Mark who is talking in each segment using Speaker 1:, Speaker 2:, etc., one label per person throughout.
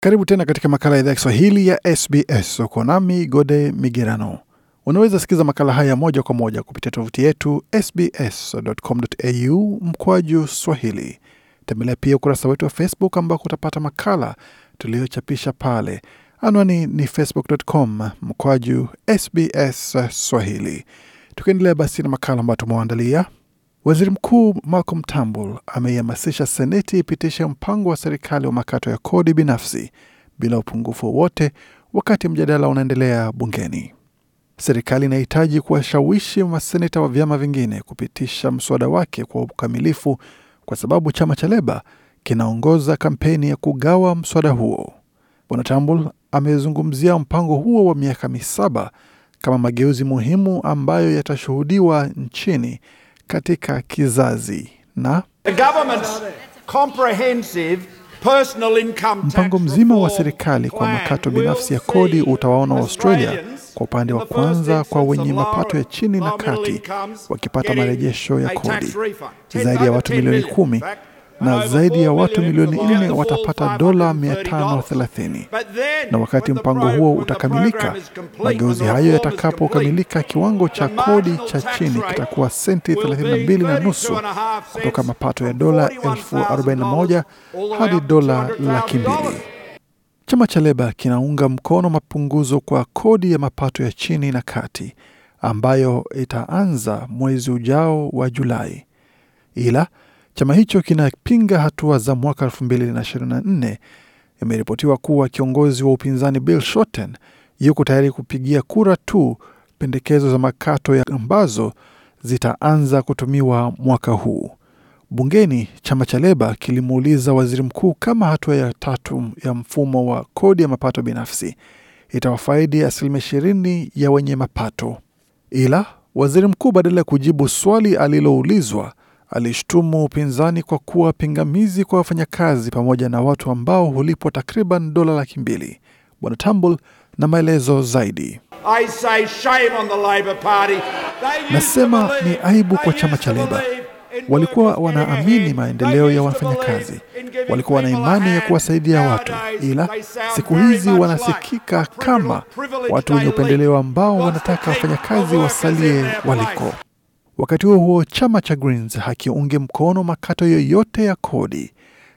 Speaker 1: Karibu tena katika makala ya idhaa ya Kiswahili ya SBS. Uko nami Gode Migerano. Unaweza sikiza makala haya moja kwa moja kupitia tovuti yetu sbs.com.au mkwaju swahili. Tembelea pia ukurasa wetu wa Facebook ambako utapata makala tuliyochapisha pale. Anwani ni facebook.com mkwaju sbs swahili. Tukiendelea basi na makala ambayo tumewaandalia Waziri Mkuu Malcolm Turnbull ameihamasisha Seneti ipitishe mpango wa serikali wa makato ya kodi binafsi bila upungufu wowote, wakati mjadala unaendelea bungeni. Serikali inahitaji kuwashawishi maseneta wa vyama vingine kupitisha mswada wake kwa ukamilifu, kwa sababu chama cha Leba kinaongoza kampeni ya kugawa mswada huo. Bwana Turnbull amezungumzia mpango huo wa miaka misaba kama mageuzi muhimu ambayo yatashuhudiwa nchini katika kizazi na mpango mzima wa serikali kwa makato binafsi ya kodi utawaona Australia kwa upande wa kwanza kwa wenye mapato ya chini na kati wakipata marejesho ya kodi zaidi ya watu milioni kumi na zaidi ya watu milioni nne watapata dola 530. Na wakati mpango huo utakamilika, mageuzi hayo yatakapokamilika, kiwango cha kodi cha chini kitakuwa senti 32 na nusu kutoka mapato ya dola elfu 41 hadi dola laki mbili. Chama cha Leba kinaunga mkono mapunguzo kwa kodi ya mapato ya chini na kati ambayo itaanza mwezi ujao wa Julai, ila Chama hicho kinapinga hatua za mwaka 2024. Imeripotiwa kuwa kiongozi wa upinzani Bill Shorten yuko tayari kupigia kura tu pendekezo za makato ya ambazo zitaanza kutumiwa mwaka huu. Bungeni, chama cha Leba kilimuuliza waziri mkuu kama hatua ya tatu ya mfumo wa kodi ya mapato binafsi itawafaidi asilimia ishirini ya wenye mapato, ila waziri mkuu badala ya kujibu swali aliloulizwa alishtumu upinzani kwa kuwa pingamizi kwa wafanyakazi pamoja na watu ambao hulipwa takriban dola laki mbili. Bwana Tambul na maelezo zaidi. I say shame on the Labour Party. Nasema ni aibu kwa chama cha Leba. Walikuwa wanaamini maendeleo ya wafanyakazi, walikuwa wana imani ya kuwasaidia watu, ila siku hizi wanasikika kama watu wenye upendeleo ambao wanataka wafanyakazi wasalie waliko. Wakati huo huo, chama cha Greens hakiungi mkono makato yoyote ya kodi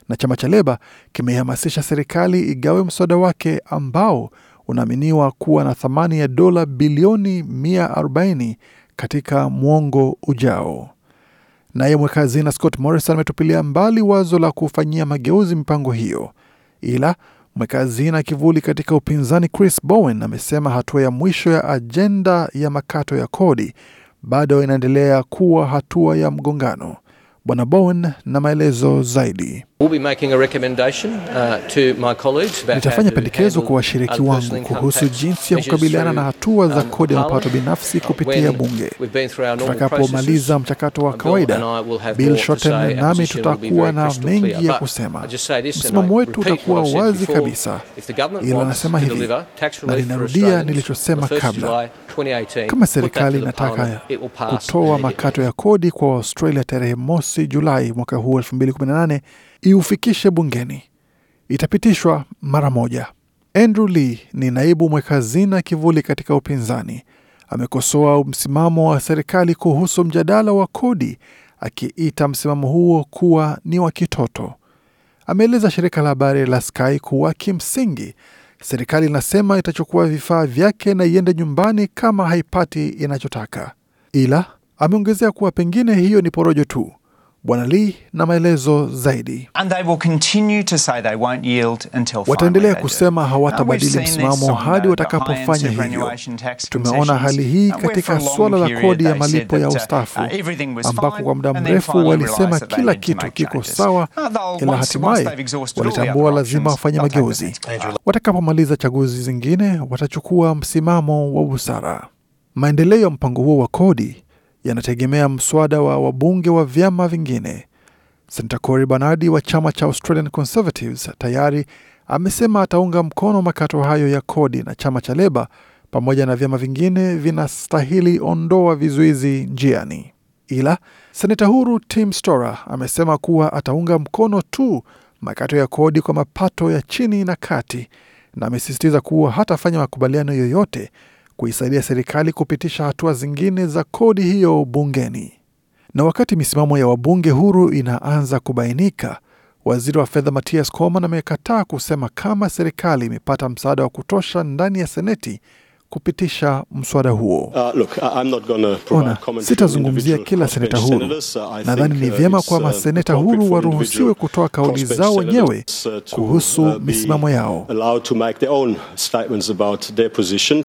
Speaker 1: na chama cha Leba kimehamasisha serikali igawe mswada wake ambao unaaminiwa kuwa na thamani ya dola bilioni 140 katika mwongo ujao. Naye mweka hazina Scott Morrison ametupilia mbali wazo la kufanyia mageuzi mipango hiyo, ila mweka hazina kivuli katika upinzani Chris Bowen amesema hatua ya mwisho ya ajenda ya makato ya kodi bado inaendelea kuwa hatua ya mgongano. Bwana bowen na maelezo zaidi. Uh, Nitafanya pendekezo kwa washiriki wangu kuhusu jinsi ya kukabiliana na hatua za um, kodi ya mapato binafsi kupitia Bunge. Tutakapomaliza mchakato wa kawaida, Bill Shorten nami tutakuwa na mengi ya kusema. Msimamo wetu utakuwa wazi kabisa, ila anasema hivi, na ninarudia nilichosema kabla kama serikali inataka kutoa makato ya kodi kwa Australia tarehe mosi Julai mwaka huu 2018 iufikishe bungeni. Itapitishwa mara moja. Andrew Lee ni naibu mweka hazina kivuli katika upinzani. Amekosoa msimamo wa serikali kuhusu mjadala wa kodi, akiita msimamo huo kuwa ni wa kitoto. Ameeleza shirika la habari la Sky kuwa kimsingi serikali inasema itachukua vifaa vyake na iende nyumbani kama haipati inachotaka, ila ameongezea kuwa pengine hiyo ni porojo tu. Bwana Lee na maelezo zaidi. Wataendelea kusema hawatabadili msimamo hadi uh, watakapofanya hivyo. Tumeona hali hii katika suala la kodi ya malipo ya uh, ustaafu, uh, ambako kwa muda mrefu walisema kila kitu kiko sawa, ila hatimaye walitambua lazima wafanye mageuzi. Watakapomaliza chaguzi zingine, watachukua msimamo wa busara. Maendeleo ya mpango huo wa kodi yanategemea mswada wa wabunge wa vyama vingine. Senata Cory Bernardi wa chama cha Australian Conservatives tayari amesema ataunga mkono makato hayo ya kodi na chama cha Leba pamoja na vyama vingine vinastahili ondoa vizuizi njiani. Ila senata huru Tim Stora amesema kuwa ataunga mkono tu makato ya kodi kwa mapato ya chini na kati, na amesisitiza kuwa hatafanya makubaliano yoyote kuisaidia serikali kupitisha hatua zingine za kodi hiyo bungeni. Na wakati misimamo ya wabunge huru inaanza kubainika, waziri wa fedha matias Coman amekataa kusema kama serikali imepata msaada wa kutosha ndani ya seneti kupitisha mswada huo. Uh, ona, sitazungumzia kila seneta huru. Uh, Nadhani ni uh, vyema kwa uh, maseneta huru waruhusiwe kutoa kauli zao wenyewe kuhusu misimamo yao.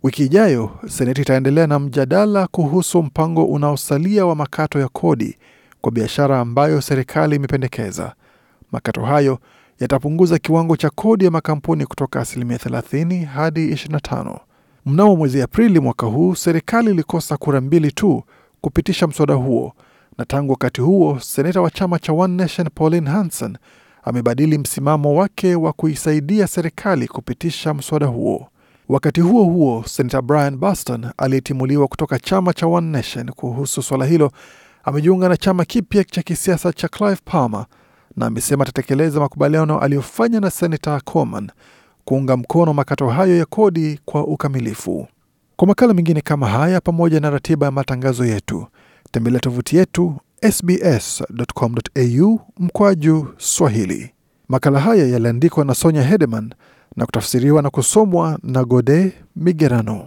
Speaker 1: Wiki ijayo seneti itaendelea na mjadala kuhusu mpango unaosalia wa makato ya kodi kwa biashara ambayo serikali imependekeza. Makato hayo yatapunguza kiwango cha kodi ya makampuni kutoka asilimia 30 hadi 25. Mnamo mwezi Aprili mwaka huu, serikali ilikosa kura mbili tu kupitisha mswada huo, na tangu wakati huo seneta wa chama cha One Nation Pauline Hanson amebadili msimamo wake wa kuisaidia serikali kupitisha mswada huo. Wakati huo huo, senata Brian Baston aliyetimuliwa kutoka chama cha One Nation kuhusu swala hilo amejiunga na chama kipya cha kisiasa cha Clive Palmer na amesema atatekeleza makubaliano aliyofanya na senata Coman kuunga mkono makato hayo ya kodi kwa ukamilifu. Kwa makala mengine kama haya pamoja na ratiba ya matangazo yetu, tembelea tovuti yetu sbs.com.au mkwaju Swahili. Makala haya yaliandikwa na Sonya Hedeman na kutafsiriwa na kusomwa na Gode Migerano.